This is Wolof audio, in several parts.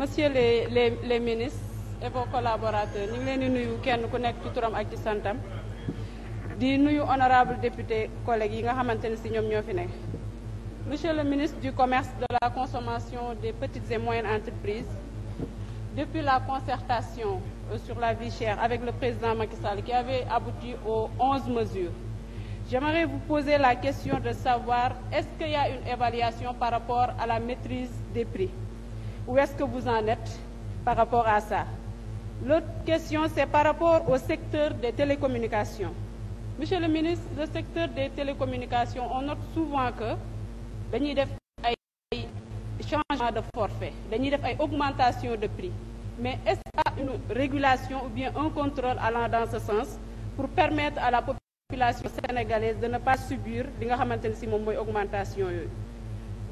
monsieur les les les ministres et vos collaborateurs ñu ngi leen di nuyu kenn ku nekk ci turam ak ci santam di nuyu honorable député collègues yi nga xamante ne si ñoom ñoo fi nekk. monsieur le ministre du commerce de la consommation des petites et moyennes entreprises depuis la concertation euh, sur la vie chère avec le président Macky Sall qui avait abouti aux onze mesures j'aimerais vous poser la question de savoir est-ce qu'il y a une évaluation par rapport à la maîtrise des prix Où est-ce que vous en êtes par rapport à ça L'autre question, c'est par rapport au secteur des télécommunications. Monsieur le ministre, le secteur des télécommunications, on note souvent que dañuy def ay changement de forfait dañuy def ay augmentation de prix mais est-ce qu'il une régulation ou bien un contrôle allant dans ce sens pour permettre à la population sénégalaise de ne pas subir li nga xamante ne si moom mooy augmentation yooyu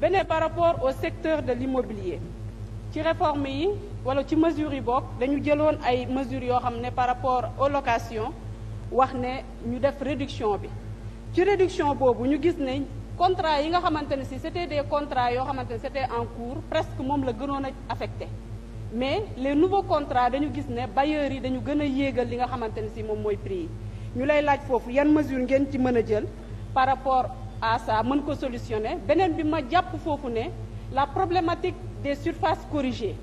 beneen par rapport au secteur de l'immobilier ci réforme yi wala ci mesures yi bokk dañu jëloon ay mesures yoo xam ne par rapport aux locations wax ne ñu def réduction bi ci réduction boobu ñu gis ne contrat yi nga xamante ne si c'était des contrat yoo xamante ne c'était en cours presque moom la gënoon a affecté mais les nouveaux contrats dañu gis ne bailleurs yi dañu gën a yéegal li nga xamante ne si moom mooy prix yi ñu lay laaj foofu yan mesure ngeen ci mën a jël par rapport à ça mën ko solutionner beneen bi ma jàpp foofu ne la problématique des surfaces corrigées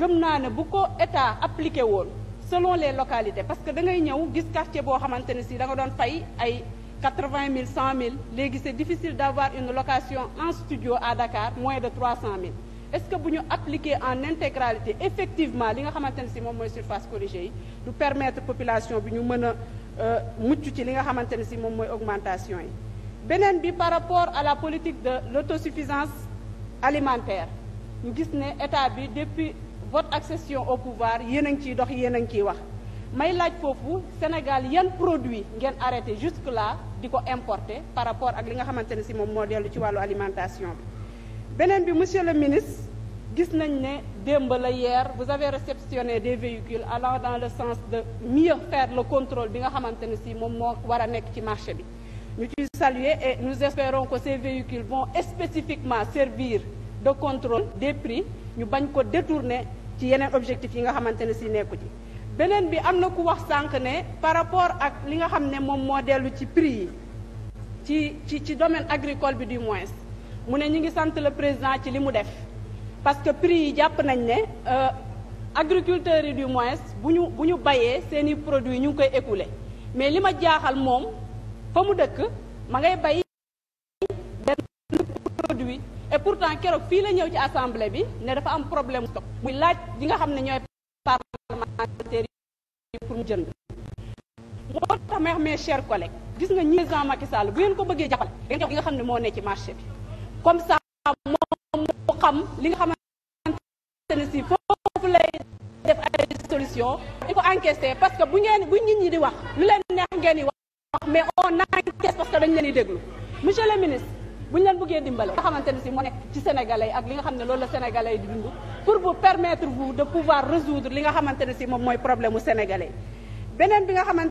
gëm naa ne bu ko état appliqué woon selon le localités parce que da ngay ñëw gis quartier boo xamante ne si da doon fay ay quatre-vingt mille cent mille léegi c'est difficile d'avoir une location en studio à Dakar moins de trois cent mille est-ce que bu ñu appliquer en intégralité effectivement li nga xamante ne si moom mooy surface corrigée yi du permettre population bi ñu mën a euh, mucc ci li nga xamante ne si moom mooy augmentation yi beneen bi par rapport à la politique de l'autosuffisance alimentaire ñu gis ne état bi depuis votre accession au pouvoir yéen a ngi ciy dox yéen a ngi ciy wax may laaj foofu Sénégal yan produit ngeen arrêté jusque là di ko importer par rapport ak li nga xamante ne si moom moo dellu ci wàllu alimentation bi beneen bi monsieur le ministre gis nañ ne démb la hier vous avez réceptionné des véhicules allant dans le sens de mieux faire le controle bi nga xamante ne si moom moo war a nekk ci marché bi ñu Nous saluer et nous espérons que ces véhicules vont spécifiquement servir de contrôle des prix ñu bañ ko détourner ci yeneen objectif yi nga xamante ne si nekku ci beneen bi am na ku wax sànq ne par rapport ak li nga xam ne moom moo dellu ci prix yi ci ci ci domaine agricole bi du moins mu ne ñu ngi sant le président ci li mu def parce que prix yi jàpp nañ ne euh, agriculteurs yi du moins bu ñu bu ñu bayee seen i produits ñu ngi koy écouler mais li ma jaaxal moom fa mu dëkk ma ngay bay benn produit et pourtant keroog fii la ñëw ci assemblée bi ne dafa am problème stock muy laaj yi nga xam ne ñooy parlementaires yi pour mu jënd moo tax may wax mes chers gis nga ñi président Macky Sall bu ngeen ko bëggee jàppale da ngeen jox nga xam ne moo ne ci marché bi comme ça moom mu xam li nga xamante ne si foofu lay def ay solution il faut encaisser parce que bu ngeen bu nit ñi di wax lu leen neex ngeen di wax mais on encaisse parce que dañ leen di déglu monsieur le ministre bu ñu leen bëggee dimbale nga ne si moo nekk ci sénégalais ak li nga xam ne loolu la sénégalais li nga xamante ne si moom mooy problème mu beneen bi nga xamante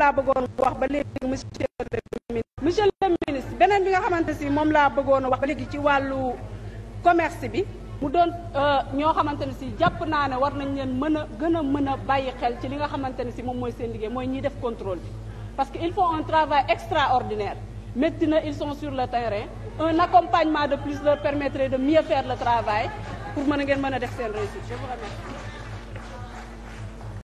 laa bëggoon wax ba léegi monsieur le ministre beneen bi nga xamante si moom laa bëggoon a wax ba léegi ci wàllu commerce bi mu doon euh, ñoo xamante ne si jàpp naa ne war nañ leen mën a gën a mën a bàyyi xel ci li nga xamante ne si moom mooy seen liggéey mooy ñiy def contrôle bi parce que ils font un travail extraordinaire métti na ils sont sur le terrain un accompagnement de plus de permettre de mieux faire le travail pour mën a ngeen mën a def seen réussite